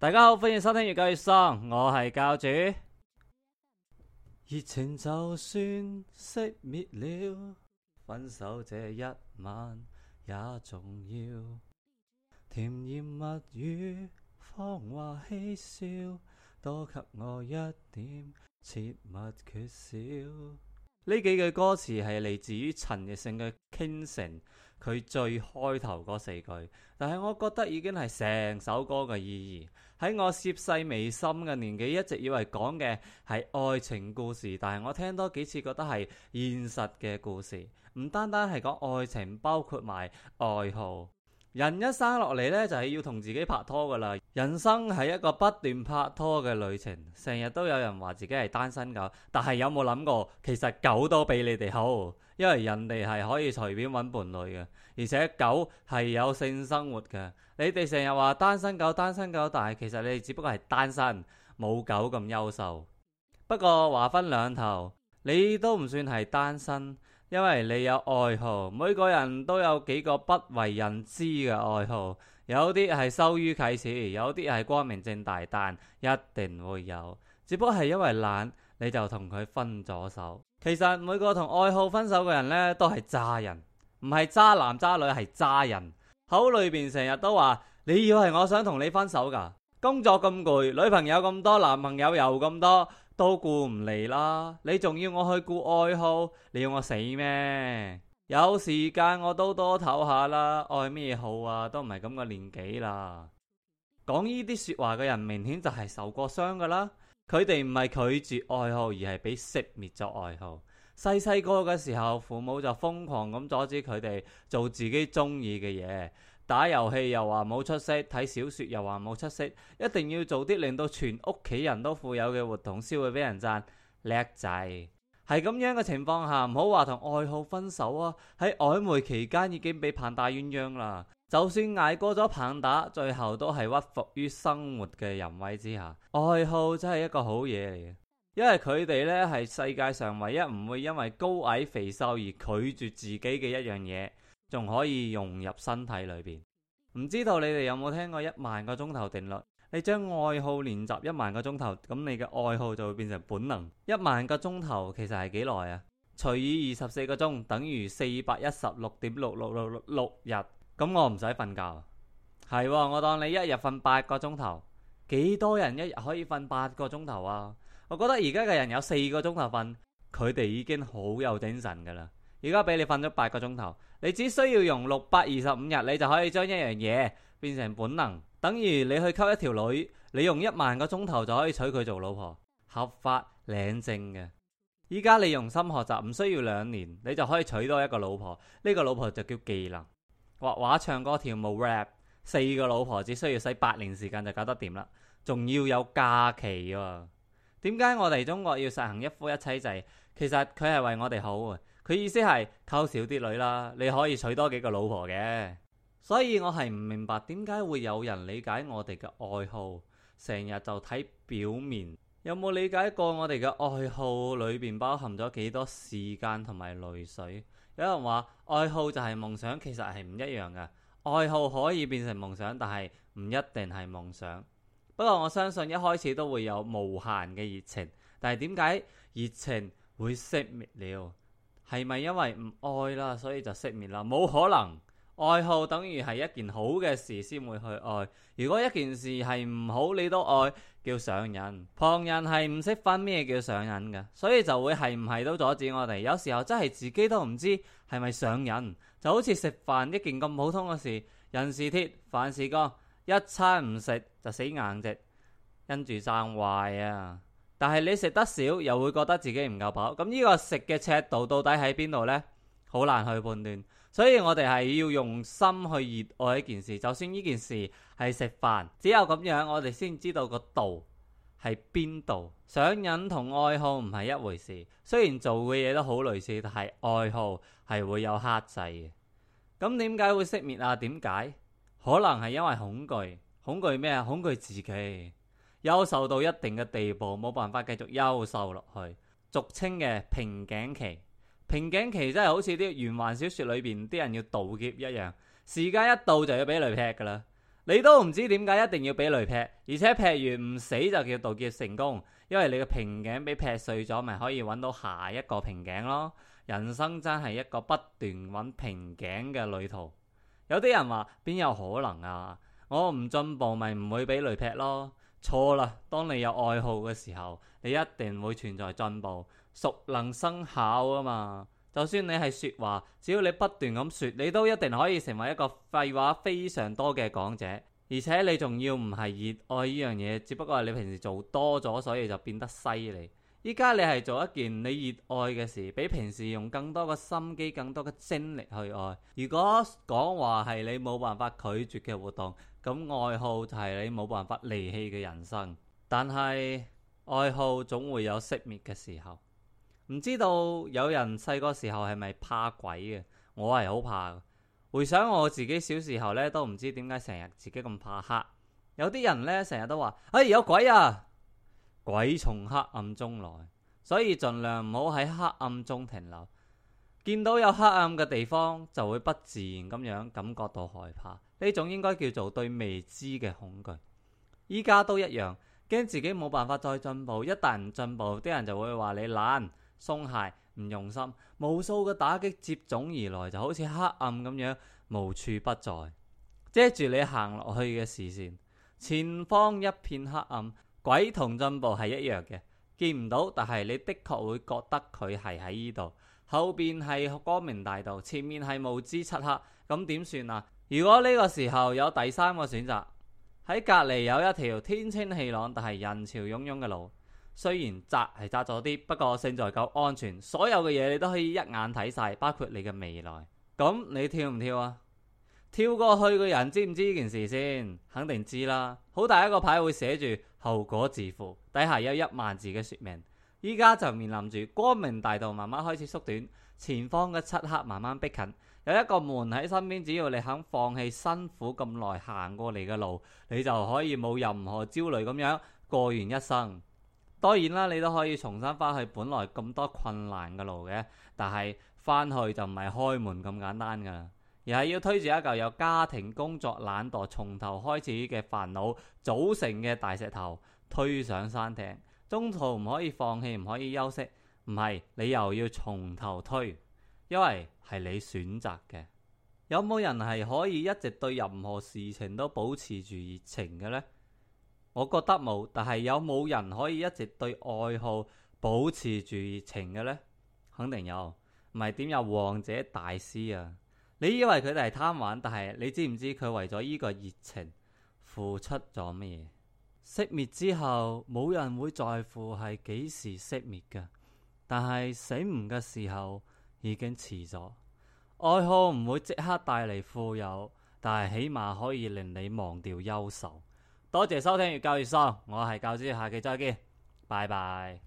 大家好，歡迎收聽《越教越鬆》，我係教主。熱情就算熄滅了，分手這一晚也重要。甜言蜜語，芳華嬉笑，多給我一點切，切勿缺少。呢幾句歌詞係嚟自於陳奕迅嘅《傾城》，佢最開頭嗰四句，但係我覺得已經係成首歌嘅意義。喺我涉世未深嘅年紀，一直以為講嘅係愛情故事，但係我聽多幾次，覺得係現實嘅故事，唔單單係講愛情，包括埋愛好。人一生落嚟咧，就係要同自己拍拖噶啦。人生係一個不斷拍拖嘅旅程，成日都有人話自己係單身狗，但係有冇諗過？其實狗都比你哋好，因為人哋係可以隨便搵伴侶嘅，而且狗係有性生活嘅。你哋成日話單身狗、單身狗，但係其實你哋只不過係單身，冇狗咁優秀。不過話分兩頭，你都唔算係單身。因為你有愛好，每個人都有幾個不為人知嘅愛好，有啲係羞於啟齒，有啲係光明正大，但一定會有，只不過係因為懶，你就同佢分咗手。其實每個同愛好分手嘅人呢，都係渣人，唔係渣男渣女，係渣人，口裏邊成日都話，你以為我想同你分手噶，工作咁攰，女朋友咁多，男朋友又咁多。都顧唔嚟啦！你仲要我去顧愛好？你要我死咩？有時間我都多唞下啦。愛咩好啊？都唔係咁個年紀啦。講呢啲說話嘅人，明顯就係受過傷噶啦。佢哋唔係拒絕愛好，而係俾熄滅咗愛好。細細個嘅時候，父母就瘋狂咁阻止佢哋做自己中意嘅嘢。打遊戲又話冇出息，睇小説又話冇出息，一定要做啲令到全屋企人都富有嘅活動，先會俾人贊叻仔。係咁樣嘅情況下，唔好話同愛好分手啊！喺曖昧期間已經俾棒打鴛鴦啦，就算捱過咗棒打，最後都係屈服於生活嘅淫威之下。愛好真係一個好嘢嚟嘅，因為佢哋呢係世界上唯一唔會因為高矮肥瘦而拒絕自己嘅一樣嘢。仲可以融入身體裏邊，唔知道你哋有冇聽過一萬個鐘頭定律？你將愛好練習一萬個鐘頭，咁你嘅愛好就會變成本能。一萬個鐘頭其實係幾耐啊？除以二十四個鐘，等於四百一十六點六六六六六日。咁我唔使瞓覺，係喎，我當你一日瞓八個鐘頭，幾多人一日可以瞓八個鐘頭啊？我覺得而家嘅人有四個鐘頭瞓，佢哋已經好有精神噶啦。而家畀你瞓咗八個鐘頭，你只需要用六百二十五日，你就可以將一樣嘢變成本能。等於你去溝一條女，你用一萬個鐘頭就可以娶佢做老婆，合法領證嘅。而家你用心學習，唔需要兩年，你就可以娶到一個老婆。呢、這個老婆就叫技能，畫畫、唱歌、跳舞、rap，四個老婆只需要使八年時間就搞得掂啦，仲要有假期啊！點解我哋中國要實行一夫一妻制？其實佢係為我哋好，佢意思係溝少啲女啦，你可以娶多幾個老婆嘅。所以我係唔明白點解會有人理解我哋嘅愛好，成日就睇表面，有冇理解過我哋嘅愛好裏邊包含咗幾多時間同埋淚水？有人話愛好就係夢想，其實係唔一樣嘅。愛好可以變成夢想，但係唔一定係夢想。不過我相信一開始都會有無限嘅熱情，但係點解熱情會熄滅了？係咪因為唔愛啦，所以就熄滅啦？冇可能，愛好等於係一件好嘅事先會去愛。如果一件事係唔好，你都愛叫上癮，旁人係唔識分咩叫上癮嘅，所以就會係唔係都阻止我哋。有時候真係自己都唔知係咪上癮，就好似食飯一件咁普通嘅事，人是鐵，飯是鋼。一餐唔食就死硬食，因住撐壞啊！但係你食得少，又會覺得自己唔夠飽。咁、嗯、呢、這個食嘅尺度到底喺邊度呢？好難去判斷。所以我哋係要用心去熱愛一件事，就算呢件事係食飯。只有咁樣，我哋先知道個度係邊度。上癮同愛好唔係一回事，雖然做嘅嘢都好類似，但係愛好係會有克制嘅。咁點解會熄滅啊？點解？可能係因為恐懼，恐懼咩啊？恐懼自己優秀到一定嘅地步，冇辦法繼續優秀落去，俗稱嘅瓶頸期。瓶頸期真係好似啲玄幻小說裏邊啲人要渡劫一樣，時間一到就要俾雷劈噶啦。你都唔知點解一定要俾雷劈，而且劈完唔死就叫渡劫成功，因為你嘅瓶頸被劈碎咗，咪可以揾到下一個瓶頸咯。人生真係一個不斷揾瓶頸嘅旅途。有啲人話邊有可能啊？我唔進步咪唔會畀雷劈咯？錯啦！當你有愛好嘅時候，你一定會存在進步，熟能生巧啊嘛。就算你係說話，只要你不斷咁說，你都一定可以成為一個廢話非常多嘅講者。而且你仲要唔係熱愛呢樣嘢，只不過係你平時做多咗，所以就變得犀利。依家你係做一件你熱愛嘅事，比平時用更多嘅心機、更多嘅精力去愛。如果講話係你冇辦法拒絕嘅活動，咁愛好就係你冇辦法離棄嘅人生。但係愛好總會有熄滅嘅時候。唔知道有人細個時候係咪怕鬼嘅？我係好怕。回想我自己小時候咧，都唔知點解成日自己咁怕黑。有啲人咧成日都話：哎，有鬼啊！鬼從黑暗中來，所以盡量唔好喺黑暗中停留。見到有黑暗嘅地方，就會不自然咁樣感覺到害怕。呢種應該叫做對未知嘅恐懼。依家都一樣，驚自己冇辦法再進步。一旦唔進步，啲人就會話你懶、鬆懈、唔用心。無數嘅打擊接踵而來，就好似黑暗咁樣無處不在，遮住你行落去嘅視線，前方一片黑暗。鬼同進步係一樣嘅，見唔到，但係你的確會覺得佢係喺呢度。後邊係光明大道，前面係無知漆黑，咁點算啊？如果呢個時候有第三個選擇，喺隔籬有一條天清氣朗，但係人潮湧湧嘅路，雖然窄係窄咗啲，不過勝在夠安全，所有嘅嘢你都可以一眼睇晒，包括你嘅未來。咁你跳唔跳啊？跳過去嘅人知唔知呢件事先？肯定知啦。好大一個牌會寫住。後果自負，底下有一萬字嘅說明。依家就面臨住光明大道，慢慢開始縮短，前方嘅漆黑慢慢逼近。有一個門喺身邊，只要你肯放棄辛苦咁耐行過嚟嘅路，你就可以冇任何焦慮咁樣過完一生。當然啦，你都可以重新翻去本來咁多困難嘅路嘅，但係翻去就唔係開門咁簡單噶啦。又係要推住一嚿由家庭、工作、懶惰、從頭開始嘅煩惱組成嘅大石頭，推上山頂，中途唔可以放棄，唔可以休息，唔係你又要從頭推，因為係你選擇嘅。有冇人係可以一直對任何事情都保持住熱情嘅呢？我覺得冇，但係有冇人可以一直對愛好保持住熱情嘅呢？肯定有，唔係點有王者大師啊？你以為佢哋係貪玩，但係你知唔知佢為咗呢個熱情付出咗咩嘢？熄滅之後，冇人會在乎係幾時熄滅嘅，但係醒悟嘅時候已經遲咗。愛好唔會即刻帶嚟富有，但係起碼可以令你忘掉憂愁。多謝收聽《越教越喪》，我係教主，下期再見，拜拜。